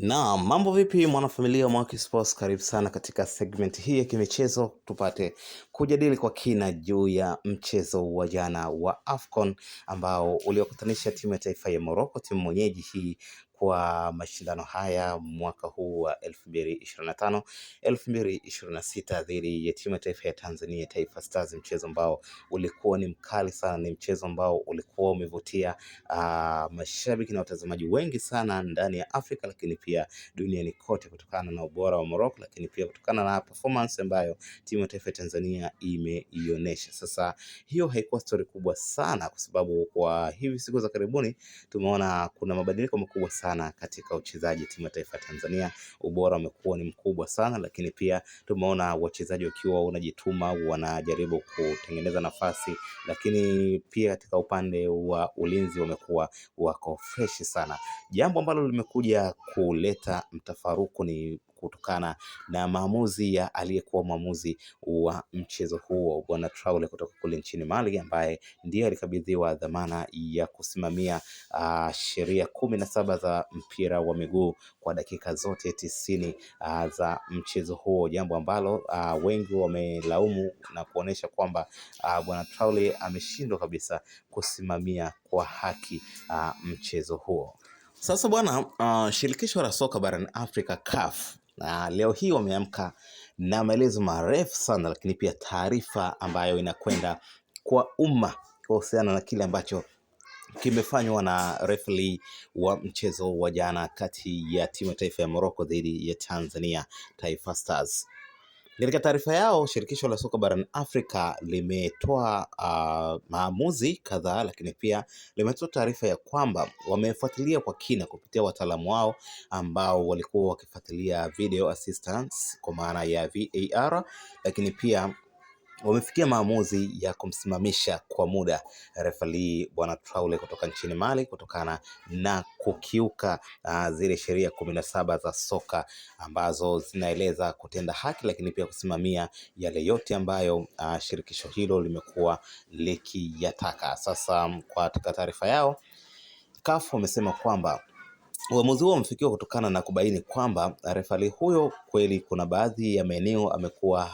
Na mambo vipi mwanafamilia wa Mwaki Sports, karibu sana katika segment hii ya kimichezo, tupate kujadili kwa kina juu ya mchezo wa jana wa AFCON ambao uliokutanisha timu ya taifa ya Morocco, timu mwenyeji hii kwa mashindano haya mwaka huu wa 2025 2026 dhidi ya timu ya taifa ya Tanzania Taifa Stars, mchezo ambao ulikuwa ni mkali sana, ni mchezo ambao ulikuwa umevutia uh, mashabiki na watazamaji wengi sana ndani ya Afrika, lakini pia duniani kote, kutokana na ubora wa Morocco, lakini pia kutokana na performance ambayo timu ya taifa ya Tanzania na imeionyesha. Sasa hiyo haikuwa stori kubwa sana, kwa sababu kwa hivi siku za karibuni tumeona kuna mabadiliko makubwa sana katika uchezaji timu ya taifa Tanzania. Ubora umekuwa ni mkubwa sana, lakini pia tumeona wachezaji wakiwa wanajituma, wanajaribu kutengeneza nafasi, lakini pia katika upande wa ulinzi wamekuwa wako freshi sana, jambo ambalo limekuja kuleta mtafaruku ni kutokana na maamuzi ya aliyekuwa mwamuzi wa mchezo huo Bwana Traore kutoka kule nchini Mali, ambaye ndiye alikabidhiwa dhamana ya kusimamia uh, sheria kumi na saba za mpira wa miguu kwa dakika zote tisini uh, za mchezo huo, jambo ambalo uh, wengi wamelaumu na kuonesha kwamba uh, Bwana Traore ameshindwa kabisa kusimamia kwa haki uh, mchezo huo. Sasa bwana, uh, shirikisho la soka barani Afrika CAF na leo hii wameamka na maelezo marefu sana, lakini pia taarifa ambayo inakwenda kwa umma kuhusiana na kile ambacho kimefanywa na refli wa mchezo wa jana kati ya timu ya taifa ya Morocco dhidi ya Tanzania Taifa Stars. Katika taarifa yao, shirikisho la soka barani Afrika limetoa uh, maamuzi kadhaa, lakini pia limetoa taarifa ya kwamba wamefuatilia kwa kina kupitia wataalamu wao ambao walikuwa wakifuatilia video assistance kwa maana ya VAR, lakini pia wamefikia maamuzi ya kumsimamisha kwa muda refali bwana Traore kutoka nchini Mali kutokana na kukiuka uh, zile sheria kumi na saba za soka ambazo zinaeleza kutenda haki, lakini pia kusimamia yale yote ambayo uh, shirikisho hilo limekuwa likiyataka. Sasa kwa taarifa yao CAF wamesema kwamba Uamuzi huo umefikiwa kutokana na kubaini kwamba refali huyo kweli kuna baadhi ya maeneo amekuwa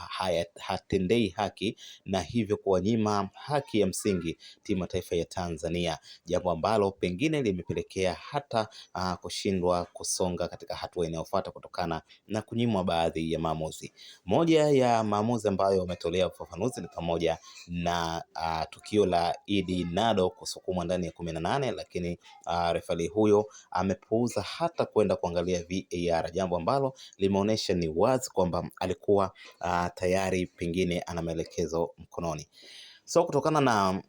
hatendei haki na hivyo kuwanyima haki ya msingi timu taifa ya Tanzania, jambo ambalo pengine limepelekea hata uh, kushindwa kusonga katika hatua inayofuata kutokana na kunyimwa baadhi ya maamuzi. Moja ya maamuzi ambayo wametolea ufafanuzi ni pamoja na uh, tukio la Idi Nado kusukumwa ndani ya kumi na nane, lakini uh, refali huyo amepu kupuuza hata kwenda kuangalia VAR, jambo ambalo limeonyesha ni wazi kwamba alikuwa uh, tayari pengine ana maelekezo mkononi. So kutokana na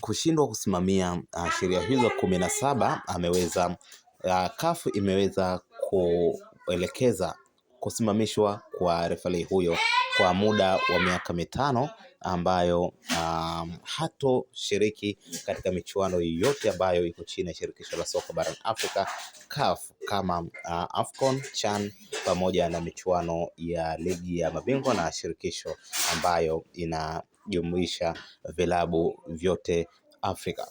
kushindwa kusimamia uh, sheria hizo kumi na saba ameweza uh, kafu imeweza kuelekeza kusimamishwa kwa refali huyo kwa muda wa miaka mitano ambayo um, hatoshiriki katika michuano yoyote ambayo iko chini ya shirikisho la soka barani Afrika CAF kama uh, AFCON, CHAN pamoja na michuano ya ligi ya mabingwa na shirikisho ambayo inajumuisha vilabu vyote Afrika.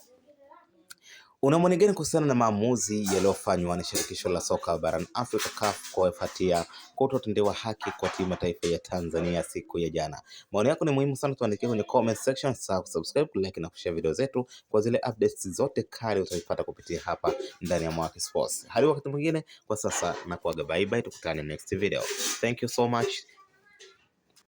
Una maoni gani kuhusiana na maamuzi yaliyofanywa na shirikisho la soka barani Afrika CAF kuwafuatia kutotendewa haki kwa timu ya taifa ya Tanzania siku ya jana? Maoni yako ni muhimu sana, tuandikie kwenye comment section, sasa subscribe, like na kushare video zetu kwa zile updates zote kali utaipata kupitia hapa ndani ya Mwaki Sports. Hadi wakati mwingine, kwa sasa na kuaga bye bye, tukutane next video. Thank you so much.